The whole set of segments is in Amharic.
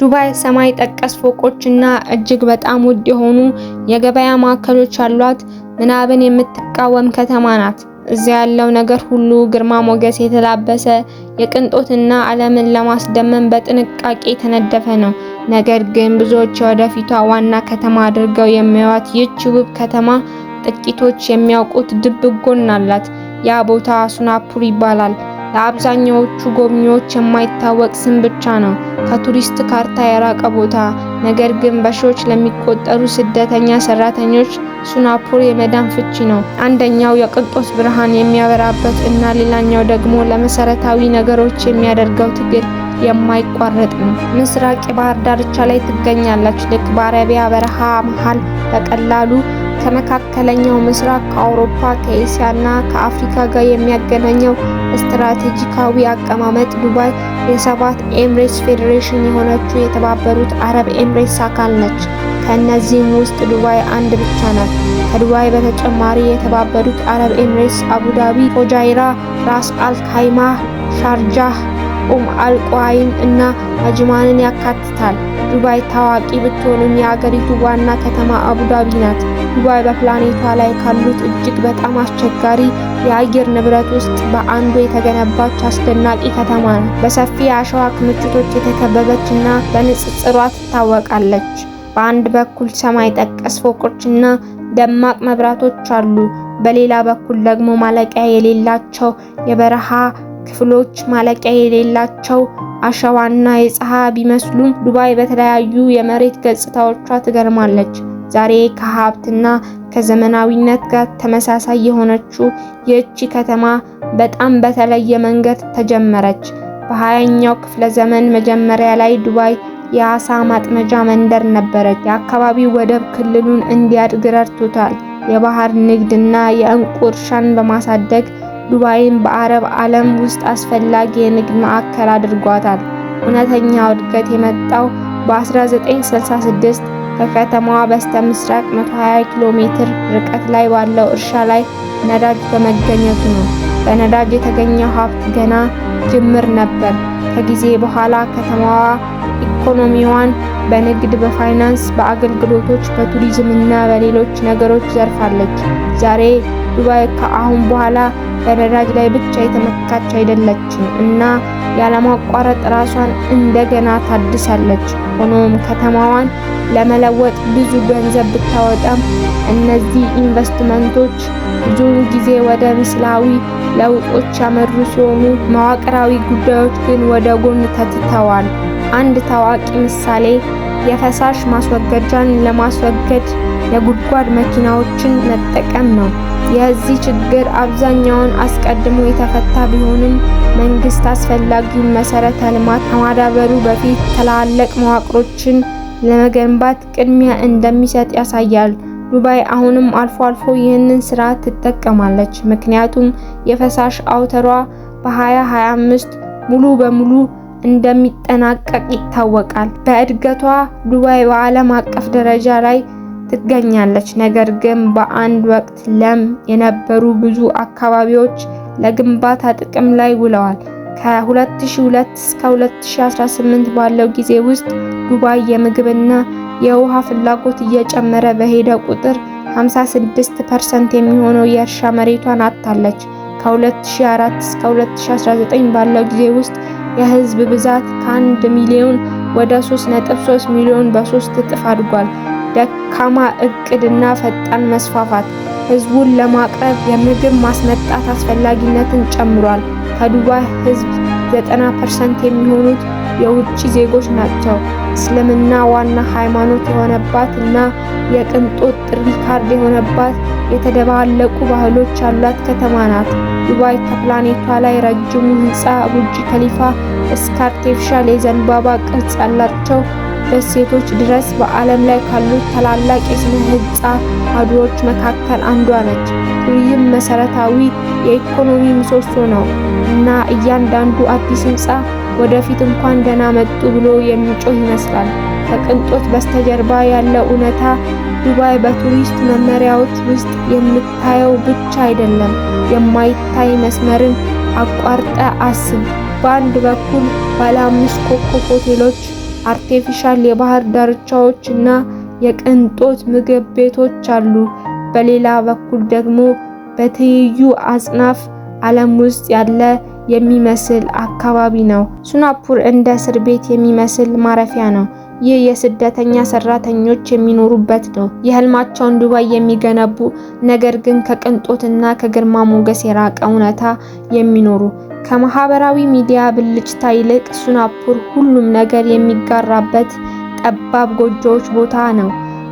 ዱባይ ሰማይ ጠቀስ ፎቆችና እጅግ በጣም ውድ የሆኑ የገበያ ማዕከሎች አሏት። ምናብን የምትቃወም ከተማ ናት። እዚያ ያለው ነገር ሁሉ ግርማ ሞገስ የተላበሰ የቅንጦትና ዓለምን ለማስደመም በጥንቃቄ የተነደፈ ነው። ነገር ግን ብዙዎች ወደፊቷ ዋና ከተማ አድርገው የሚያዩት ይህች ውብ ከተማ ጥቂቶች የሚያውቁት ድብ ጎን አላት። ያ ቦታ ሱናፑር ይባላል። ለአብዛኛዎቹ ጎብኚዎች የማይታወቅ ስም ብቻ ነው። ከቱሪስት ካርታ የራቀ ቦታ፣ ነገር ግን በሺዎች ለሚቆጠሩ ስደተኛ ሰራተኞች ሱናፖር የመዳን ፍቺ ነው። አንደኛው የቅንጦት ብርሃን የሚያበራበት እና ሌላኛው ደግሞ ለመሰረታዊ ነገሮች የሚያደርገው ትግል የማይቋረጥ ነው። ምስራቅ የባህር ዳርቻ ላይ ትገኛለች። ልክ በአረቢያ በረሃ መሃል በቀላሉ ከመካከለኛው ምስራቅ ከአውሮፓ ከኤስያና ከአፍሪካ ጋር የሚያገናኘው ስትራቴጂካዊ አቀማመጥ ዱባይ የሰባት ኤምሬትስ ፌዴሬሽን የሆነችው የተባበሩት አረብ ኤምሬትስ አካል ነች። ከእነዚህም ውስጥ ዱባይ አንድ ብቻ ናት። ከዱባይ በተጨማሪ የተባበሩት አረብ ኤምሬትስ አቡዳቢ፣ ፎጃይራ፣ ራስ አልካይማ፣ ሻርጃህ ኡም አልቋይን እና አጅማንን ያካትታል። ዱባይ ታዋቂ ብትሆንም የአገሪቱ ዋና ከተማ አቡዳቢ ናት። ዱባይ በፕላኔቷ ላይ ካሉት እጅግ በጣም አስቸጋሪ የአየር ንብረት ውስጥ በአንዱ የተገነባች አስደናቂ ከተማ ነው። በሰፊ የአሸዋ ክምችቶች የተከበበች እና በንጽጽሯ ትታወቃለች። በአንድ በኩል ሰማይ ጠቀስ ፎቆች እና ደማቅ መብራቶች አሉ። በሌላ በኩል ደግሞ ማለቂያ የሌላቸው የበረሃ ክፍሎች ማለቂያ የሌላቸው አሸዋና የፀሐ ቢመስሉም ዱባይ በተለያዩ የመሬት ገጽታዎቿ ትገርማለች። ዛሬ ከሀብትና ከዘመናዊነት ጋር ተመሳሳይ የሆነችው ይህቺ ከተማ በጣም በተለየ መንገድ ተጀመረች። በሃያኛው ክፍለ ዘመን መጀመሪያ ላይ ዱባይ የአሳ ማጥመጃ መንደር ነበረች። የአካባቢው ወደብ ክልሉን እንዲያድግ ረድቶታል። የባህር ንግድና የዕንቁ እርሻን በማሳደግ ዱባይን በአረብ ዓለም ውስጥ አስፈላጊ የንግድ ማዕከል አድርጓታል። እውነተኛው እድገት የመጣው በ1966 ከከተማዋ በስተ ምስራቅ 120 ኪሎ ሜትር ርቀት ላይ ባለው እርሻ ላይ ነዳጅ በመገኘቱ ነው። በነዳጅ የተገኘው ሀብት ገና ጅምር ነበር። ከጊዜ በኋላ ከተማዋ ኢኮኖሚዋን በንግድ፣ በፋይናንስ፣ በአገልግሎቶች፣ በቱሪዝም እና በሌሎች ነገሮች ዘርፍ አለች። ዛሬ ዱባይ ከአሁን በኋላ በነዳጅ ላይ ብቻ የተመካች አይደለችም እና ያለማቋረጥ ራሷን እንደገና ታድሳለች። ሆኖም ከተማዋን ለመለወጥ ብዙ ገንዘብ ብታወጣም እነዚህ ኢንቨስትመንቶች ብዙውን ጊዜ ወደ ምስላዊ ለውጦች ያመሩ ሲሆኑ መዋቅራዊ ጉዳዮች ግን ወደ ጎን ተትተዋል። አንድ ታዋቂ ምሳሌ የፈሳሽ ማስወገጃን ለማስወገድ የጉድጓድ መኪናዎችን መጠቀም ነው። የዚህ ችግር አብዛኛውን አስቀድሞ የተፈታ ቢሆንም መንግስት አስፈላጊውን መሰረተ ልማት ከማዳበሩ በፊት ትላልቅ መዋቅሮችን ለመገንባት ቅድሚያ እንደሚሰጥ ያሳያል። ዱባይ አሁንም አልፎ አልፎ ይህንን ስራ ትጠቀማለች፣ ምክንያቱም የፈሳሽ አውተሯ በ2025 ሙሉ በሙሉ እንደሚጠናቀቅ ይታወቃል። በእድገቷ ዱባይ በዓለም አቀፍ ደረጃ ላይ ትገኛለች። ነገር ግን በአንድ ወቅት ለም የነበሩ ብዙ አካባቢዎች ለግንባታ ጥቅም ላይ ውለዋል። ከ2002 እስከ 2018 ባለው ጊዜ ውስጥ ዱባይ የምግብና የውሃ ፍላጎት እየጨመረ በሄደ ቁጥር 56% የሚሆነው የእርሻ መሬቷን አጥታለች። ከ2004 እስከ 2019 ባለው ጊዜ ውስጥ የህዝብ ብዛት ከአንድ ሚሊዮን ወደ 3.3 ሚሊዮን በሶስት እጥፍ አድጓል። ደካማ እቅድና ፈጣን መስፋፋት ህዝቡን ለማቅረብ የምግብ ማስመጣት አስፈላጊነትን ጨምሯል። ከዱባይ ህዝብ ዘጠና ፐርሰንት የሚሆኑት የውጭ ዜጎች ናቸው። እስልምና ዋና ሃይማኖት የሆነባት እና የቅንጦት ጥሪ ካርድ የሆነባት የተደባለቁ ባህሎች ያላት ከተማ ናት። ዱባይ ከፕላኔቷ ላይ ረጅሙ ህንፃ ቡርጅ ከሊፋ እስከ አርቴፊሻል የዘንባባ ቅርጽ ያላቸው ደሴቶች ድረስ በዓለም ላይ ካሉት ታላላቅ የስነ ህንፃ አድሮች መካከል አንዷ ነች። ቱሪዝም መሰረታዊ የኢኮኖሚ ምሰሶ ነው። እና እያንዳንዱ አዲስ ህንፃ ወደፊት እንኳን ደህና መጡ ብሎ የሚጮህ ይመስላል። ከቅንጦት በስተጀርባ ያለው እውነታ ዱባይ በቱሪስት መመሪያዎች ውስጥ የምታየው ብቻ አይደለም። የማይታይ መስመርን አቋርጠ አስብ። በአንድ በኩል ባለ አምስት ኮከብ ሆቴሎች፣ አርቴፊሻል የባህር ዳርቻዎች እና የቅንጦት ምግብ ቤቶች አሉ። በሌላ በኩል ደግሞ በትይዩ አጽናፍ ዓለም ውስጥ ያለ የሚመስል አካባቢ ነው። ሱናፑር እንደ እስር ቤት የሚመስል ማረፊያ ነው። ይህ የስደተኛ ሰራተኞች የሚኖሩበት ነው። የህልማቸውን ዱባይ የሚገነቡ ነገር ግን ከቅንጦትና ከግርማ ሞገስ የራቀ እውነታ የሚኖሩ ከማህበራዊ ሚዲያ ብልጭታ ይልቅ ሱናፑር ሁሉም ነገር የሚጋራበት ጠባብ ጎጆዎች ቦታ ነው።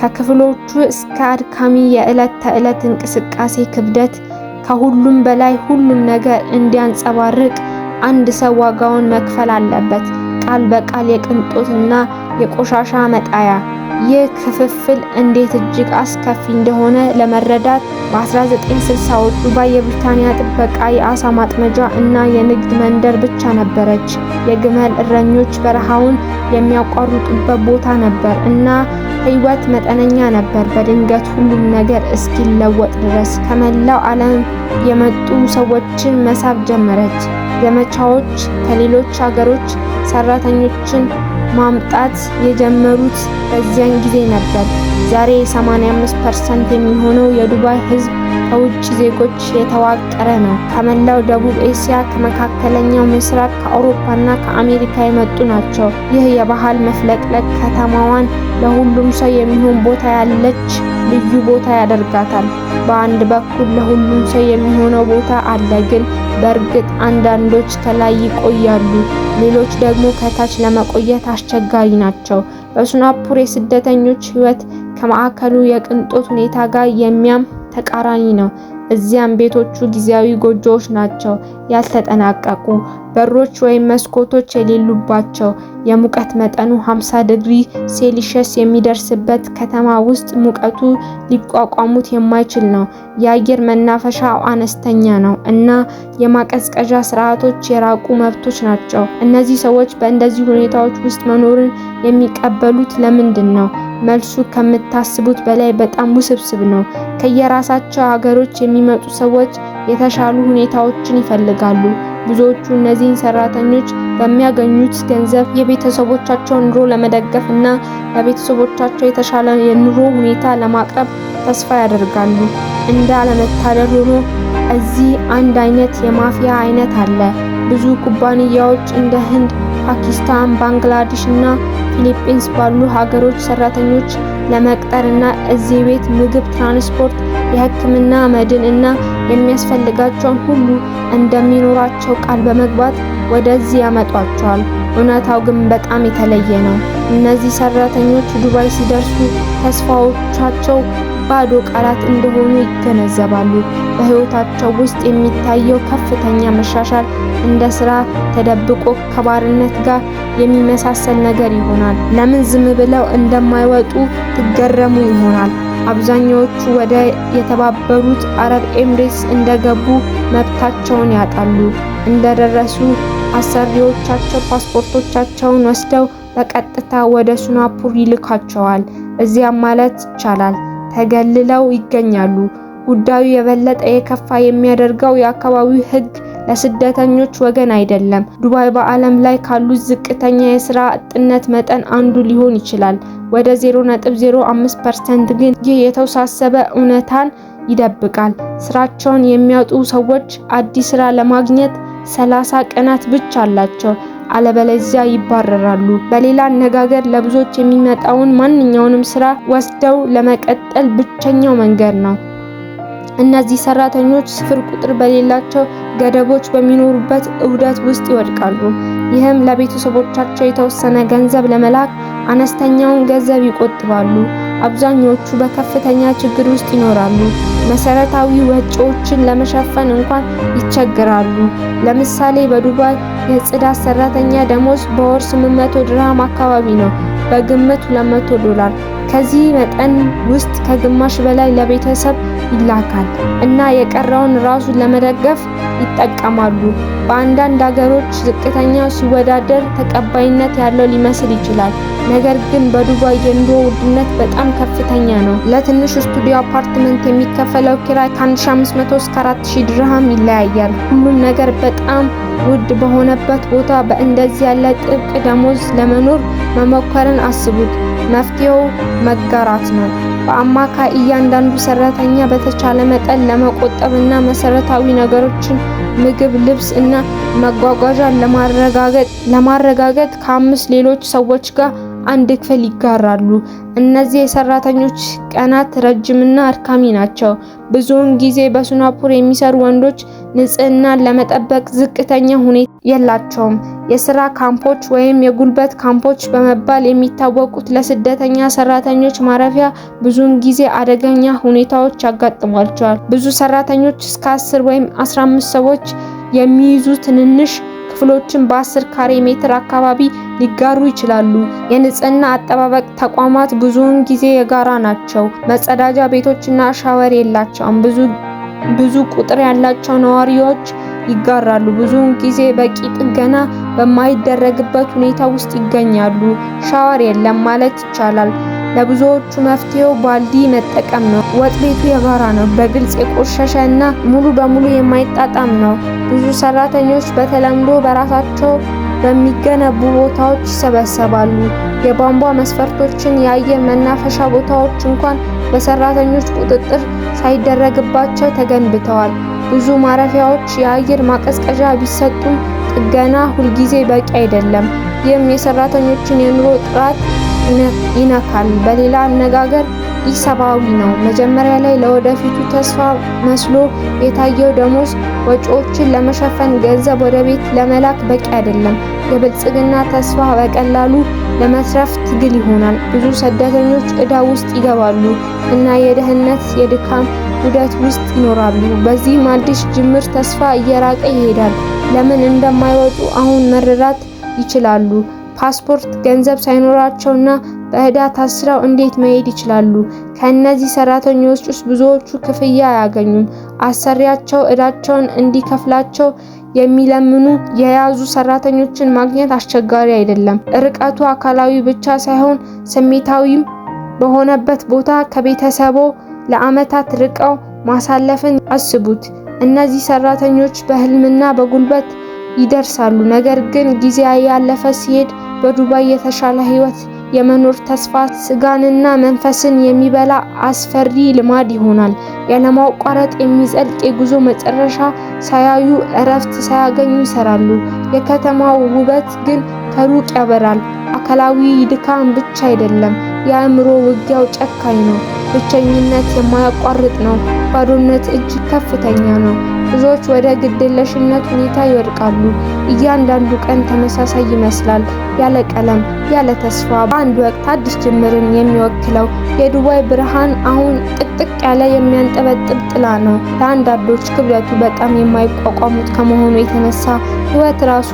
ከክፍሎቹ እስከ አድካሚ የዕለት ተዕለት እንቅስቃሴ ክብደት ከሁሉም በላይ ሁሉ ነገር እንዲያንጸባርቅ አንድ ሰው ዋጋውን መክፈል አለበት። ቃል በቃል የቅንጦትና የቆሻሻ መጣያ ይህ ክፍፍል እንዴት እጅግ አስከፊ እንደሆነ ለመረዳት በ1960ዎቹ የብሪታንያ ጥበቃ የአሳ ማጥመጃ እና የንግድ መንደር ብቻ ነበረች። የግመል እረኞች በረሃውን የሚያቋርጡበት ቦታ ነበር እና ህይወት መጠነኛ ነበር። በድንገት ሁሉም ነገር እስኪለወጥ ድረስ ከመላው ዓለም የመጡ ሰዎችን መሳብ ጀመረች። ዘመቻዎች ከሌሎች ሀገሮች ሰራተኞችን ማምጣት የጀመሩት በዚያን ጊዜ ነበር። ዛሬ 85% የሚሆነው የዱባይ ሕዝብ ከውጭ ዜጎች የተዋቀረ ነው። ከመላው ደቡብ ኤስያ፣ ከመካከለኛው ምስራቅ፣ ከአውሮፓና ከአሜሪካ የመጡ ናቸው። ይህ የባህል መፍለቅለቅ ከተማዋን ለሁሉም ሰው የሚሆን ቦታ ያለች ልዩ ቦታ ያደርጋታል። በአንድ በኩል ለሁሉም ሰው የሚሆነው ቦታ አለ ግን በእርግጥ አንዳንዶች ከላይ ይቆያሉ፣ ሌሎች ደግሞ ከታች ለመቆየት አስቸጋሪ ናቸው። በሱናፑር የስደተኞች ህይወት ከማዕከሉ የቅንጦት ሁኔታ ጋር የሚያም ተቃራኒ ነው። እዚያም ቤቶቹ ጊዜያዊ ጎጆዎች ናቸው፣ ያልተጠናቀቁ በሮች ወይም መስኮቶች የሌሉባቸው። የሙቀት መጠኑ 50 ዲግሪ ሴልሺየስ የሚደርስበት ከተማ ውስጥ ሙቀቱ ሊቋቋሙት የማይችል ነው። የአየር መናፈሻው አነስተኛ ነው እና የማቀዝቀዣ ስርዓቶች የራቁ መብቶች ናቸው። እነዚህ ሰዎች በእንደዚህ ሁኔታዎች ውስጥ መኖርን የሚቀበሉት ለምንድን ነው? መልሱ ከምታስቡት በላይ በጣም ውስብስብ ነው። ከየራሳቸው ሀገሮች የሚመጡ ሰዎች የተሻሉ ሁኔታዎችን ይፈልጋሉ። ብዙዎቹ እነዚህን ሰራተኞች በሚያገኙት ገንዘብ የቤተሰቦቻቸውን ኑሮ ለመደገፍ እና ለቤተሰቦቻቸው የተሻለ የኑሮ ሁኔታ ለማቅረብ ተስፋ ያደርጋሉ። እንደ አለመታደል ሆኖ እዚህ አንድ አይነት የማፊያ አይነት አለ። ብዙ ኩባንያዎች እንደ ህንድ ፓኪስታን፣ ባንግላዴሽ እና ፊሊፒንስ ባሉ ሀገሮች ሰራተኞች ለመቅጠር እና እዚህ ቤት ምግብ፣ ትራንስፖርት፣ የህክምና መድን እና የሚያስፈልጋቸውን ሁሉ እንደሚኖራቸው ቃል በመግባት ወደዚህ ያመጧቸዋል። እውነታው ግን በጣም የተለየ ነው። እነዚህ ሰራተኞች ዱባይ ሲደርሱ ተስፋዎቻቸው ባዶ ቃላት እንደሆኑ ይገነዘባሉ። በህይወታቸው ውስጥ የሚታየው ከፍተኛ መሻሻል እንደ ስራ ተደብቆ ከባርነት ጋር የሚመሳሰል ነገር ይሆናል። ለምን ዝም ብለው እንደማይወጡ ትገረሙ ይሆናል። አብዛኛዎቹ ወደ የተባበሩት አረብ ኤምሬትስ እንደገቡ መብታቸውን ያጣሉ። እንደደረሱ አሰሪዎቻቸው ፓስፖርቶቻቸውን ወስደው በቀጥታ ወደ ሱናፑር ይልካቸዋል። እዚያም ማለት ይቻላል ተገልለው ይገኛሉ። ጉዳዩ የበለጠ የከፋ የሚያደርገው የአካባቢው ህግ ለስደተኞች ወገን አይደለም። ዱባይ በዓለም ላይ ካሉት ዝቅተኛ የስራ አጥነት መጠን አንዱ ሊሆን ይችላል። ወደ 0.05% ግን ይህ የተወሳሰበ እውነታን ይደብቃል። ስራቸውን የሚያጡ ሰዎች አዲስ ስራ ለማግኘት 30 ቀናት ብቻ አላቸው። አለበለዚያ ይባረራሉ። በሌላ አነጋገር ለብዙዎች የሚመጣውን ማንኛውንም ስራ ወስደው ለመቀጠል ብቸኛው መንገድ ነው። እነዚህ ሰራተኞች ስፍር ቁጥር በሌላቸው ገደቦች በሚኖሩበት እውደት ውስጥ ይወድቃሉ። ይህም ለቤተሰቦቻቸው የተወሰነ ገንዘብ ለመላክ አነስተኛውን ገንዘብ ይቆጥባሉ። አብዛኞቹ በከፍተኛ ችግር ውስጥ ይኖራሉ። መሰረታዊ ወጪዎችን ለመሸፈን እንኳን ይቸግራሉ። ለምሳሌ በዱባይ የጽዳት ሰራተኛ ደሞዝ በወር 800 ድርሃም አካባቢ ነው፣ በግምት 200 ዶላር። ከዚህ መጠን ውስጥ ከግማሽ በላይ ለቤተሰብ ይላካል እና የቀረውን ራሱን ለመደገፍ ይጠቀማሉ። በአንዳንድ አገሮች ዝቅተኛው ሲወዳደር ተቀባይነት ያለው ሊመስል ይችላል። ነገር ግን በዱባይ የኑሮ ውድነት በጣም ከፍተኛ ነው። ለትንሽ ስቱዲዮ አፓርትመንት የሚከፈለው ኪራይ ከ1500 እስከ 4000 ድርሃም ይለያያል። ሁሉም ነገር በጣም ውድ በሆነበት ቦታ በእንደዚህ ያለ ጥብቅ ደሞዝ ለመኖር መሞከርን አስቡት። መፍትሄው መጋራት ነው። በአማካይ እያንዳንዱ ሰራተኛ በተቻለ መጠን ለመቆጠብ እና መሰረታዊ ነገሮችን ምግብ፣ ልብስ እና መጓጓዣ ለማረጋገጥ ለማረጋገጥ ከአምስት ሌሎች ሰዎች ጋር አንድ ክፍል ይጋራሉ። እነዚህ የሰራተኞች ቀናት ረጅምና አድካሚ ናቸው። ብዙውን ጊዜ በሱናፑር የሚሰሩ ወንዶች ንጽህናን ለመጠበቅ ዝቅተኛ ሁኔታ የላቸውም። የስራ ካምፖች ወይም የጉልበት ካምፖች በመባል የሚታወቁት ለስደተኛ ሰራተኞች ማረፊያ ብዙውን ጊዜ አደገኛ ሁኔታዎች ያጋጥሟቸዋል። ብዙ ሰራተኞች እስከ 10 ወይም 15 ሰዎች የሚይዙ ትንንሽ ክፍሎችን በ10 ካሬ ሜትር አካባቢ ሊጋሩ ይችላሉ። የንጽህና አጠባበቅ ተቋማት ብዙውን ጊዜ የጋራ ናቸው። መጸዳጃ ቤቶችና ሻወር የላቸውም። ብዙ ብዙ ቁጥር ያላቸው ነዋሪዎች ይጋራሉ። ብዙውን ጊዜ በቂ ጥገና በማይደረግበት ሁኔታ ውስጥ ይገኛሉ። ሻወር የለም ማለት ይቻላል። ለብዙዎቹ መፍትሄው ባልዲ መጠቀም ነው። ወጥ ቤቱ የጋራ ነው። በግልጽ የቆሸሸ እና ሙሉ በሙሉ የማይጣጣም ነው። ብዙ ሰራተኞች በተለምዶ በራሳቸው በሚገነቡ ቦታዎች ይሰበሰባሉ። የቧንቧ መስፈርቶችን የአየር መናፈሻ ቦታዎች እንኳን በሰራተኞች ቁጥጥር ሳይደረግባቸው ተገንብተዋል። ብዙ ማረፊያዎች የአየር ማቀዝቀዣ ቢሰጡም ጥገና ሁልጊዜ በቂ አይደለም። ይህም የሰራተኞችን የኑሮ ጥራት ይነካል። በሌላ አነጋገር ኢሰብአዊ ነው። መጀመሪያ ላይ ለወደፊቱ ተስፋ መስሎ የታየው ደሞዝ ወጪዎችን ለመሸፈን ገንዘብ ወደ ቤት ለመላክ በቂ አይደለም። የብልጽግና ተስፋ በቀላሉ ለመትረፍ ትግል ይሆናል። ብዙ ስደተኞች እዳ ውስጥ ይገባሉ እና የደህንነት የድካም ውደት ውስጥ ይኖራሉ። በዚህም አዲስ ጅምር ተስፋ እየራቀ ይሄዳል። ለምን እንደማይወጡ አሁን መረዳት ይችላሉ። ፓስፖርት፣ ገንዘብ ሳይኖራቸውና በእዳ ታስረው እንዴት መሄድ ይችላሉ? ከእነዚህ ሰራተኞች ውስጥ ብዙዎቹ ክፍያ አያገኙም። አሰሪያቸው እዳቸውን እንዲከፍላቸው የሚለምኑ የያዙ ሰራተኞችን ማግኘት አስቸጋሪ አይደለም። ርቀቱ አካላዊ ብቻ ሳይሆን ስሜታዊም በሆነበት ቦታ ከቤተሰቦ ለዓመታት ርቀው ማሳለፍን አስቡት። እነዚህ ሰራተኞች በህልምና በጉልበት ይደርሳሉ፣ ነገር ግን ጊዜ ያለፈ ሲሄድ በዱባይ የተሻለ ህይወት የመኖር ተስፋ ስጋንና መንፈስን የሚበላ አስፈሪ ልማድ ይሆናል። ያለማቋረጥ የሚዘልቅ የጉዞ መጨረሻ ሳያዩ እረፍት ሳያገኙ ይሰራሉ። የከተማው ውበት ግን ከሩቅ ያበራል። አካላዊ ድካም ብቻ አይደለም፣ የአእምሮ ውጊያው ጨካኝ ነው። ብቸኝነት የማያቋርጥ ነው። ባዶነት እጅግ ከፍተኛ ነው። ብዙዎች ወደ ግዴለሽነት ሁኔታ ይወድቃሉ። እያንዳንዱ ቀን ተመሳሳይ ይመስላል። ያለ ቀለም፣ ያለ ተስፋ። በአንድ ወቅት አዲስ ጅምርን የሚወክለው የዱባይ ብርሃን አሁን ጥቅጥቅ ያለ የሚያንጠበጥብ ጥላ ነው። ለአንዳንዶች ክብደቱ በጣም የማይቋቋሙት ከመሆኑ የተነሳ ሕይወት ራሱ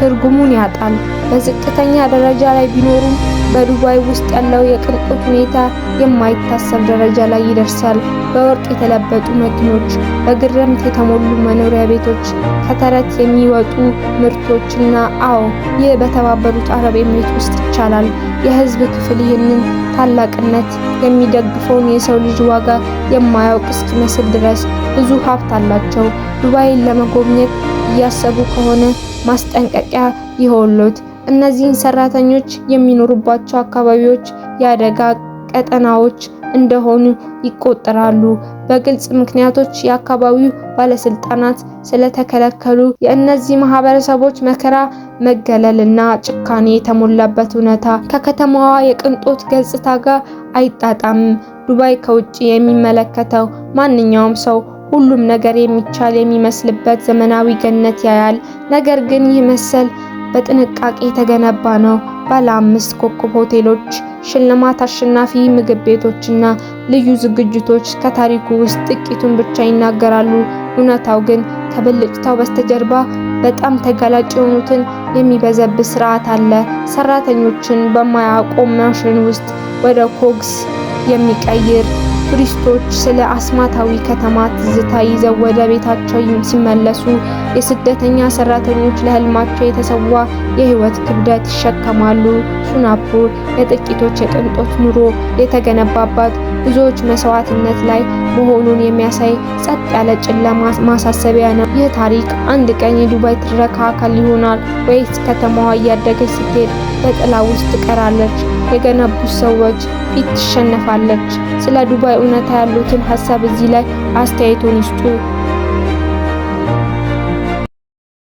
ትርጉሙን ያጣል። በዝቅተኛ ደረጃ ላይ ቢኖሩም በዱባይ ውስጥ ያለው የቅንጦት ሁኔታ የማይታሰብ ደረጃ ላይ ይደርሳል። በወርቅ የተለበጡ መኪኖች፣ በግርምት የተሞሉ መኖሪያ ቤቶች፣ ከተረት የሚወጡ ምርቶችና አዎ ይህ በተባበሩት አረብ ኤምሬት ውስጥ ይቻላል። የህዝብ ክፍል ይህንን ታላቅነት የሚደግፈውን የሰው ልጅ ዋጋ የማያውቅ እስኪመስል ድረስ ብዙ ሀብት አላቸው። ዱባይን ለመጎብኘት እያሰቡ ከሆነ ማስጠንቀቂያ ይሆንሎት። እነዚህን ሰራተኞች የሚኖሩባቸው አካባቢዎች የአደጋ ቀጠናዎች እንደሆኑ ይቆጠራሉ። በግልጽ ምክንያቶች የአካባቢው ባለስልጣናት ስለተከለከሉ የእነዚህ ማህበረሰቦች መከራ፣ መገለልና ጭካኔ የተሞላበት እውነታ ከከተማዋ የቅንጦት ገጽታ ጋር አይጣጣምም። ዱባይ ከውጭ የሚመለከተው ማንኛውም ሰው ሁሉም ነገር የሚቻል የሚመስልበት ዘመናዊ ገነት ያያል። ነገር ግን ይህ መሰል በጥንቃቄ የተገነባ ነው። ባለ አምስት ኮከብ ሆቴሎች፣ ሽልማት አሸናፊ ምግብ ቤቶችና ልዩ ዝግጅቶች ከታሪኩ ውስጥ ጥቂቱን ብቻ ይናገራሉ። እውነታው ግን ከብልጭታው በስተጀርባ በጣም ተጋላጭ የሆኑትን የሚበዘብስ ስርዓት አለ። ሰራተኞችን በማያቆም ማሽን ውስጥ ወደ ኮግስ የሚቀይር፣ ቱሪስቶች ስለ አስማታዊ ከተማ ትዝታ ይዘው ወደ ቤታቸው ሲመለሱ የስደተኛ ሰራተኞች ለህልማቸው የተሰዋ የህይወት ክብደት ይሸከማሉ። ሱናፑር የጥቂቶች የቅንጦት ኑሮ የተገነባባት ብዙዎች መስዋዕትነት ላይ መሆኑን የሚያሳይ ጸጥ ያለ ጨለማ ማሳሰቢያ ነው። ይህ ታሪክ አንድ ቀን የዱባይ ትረካ አካል ይሆናል ወይስ ከተማዋ እያደገች ስትሄድ በጥላ ውስጥ ትቀራለች? የገነቡት ሰዎች ፊት ትሸነፋለች? ስለ ዱባይ እውነታ ያሉትን ሀሳብ እዚህ ላይ አስተያየቶን ይስጡ።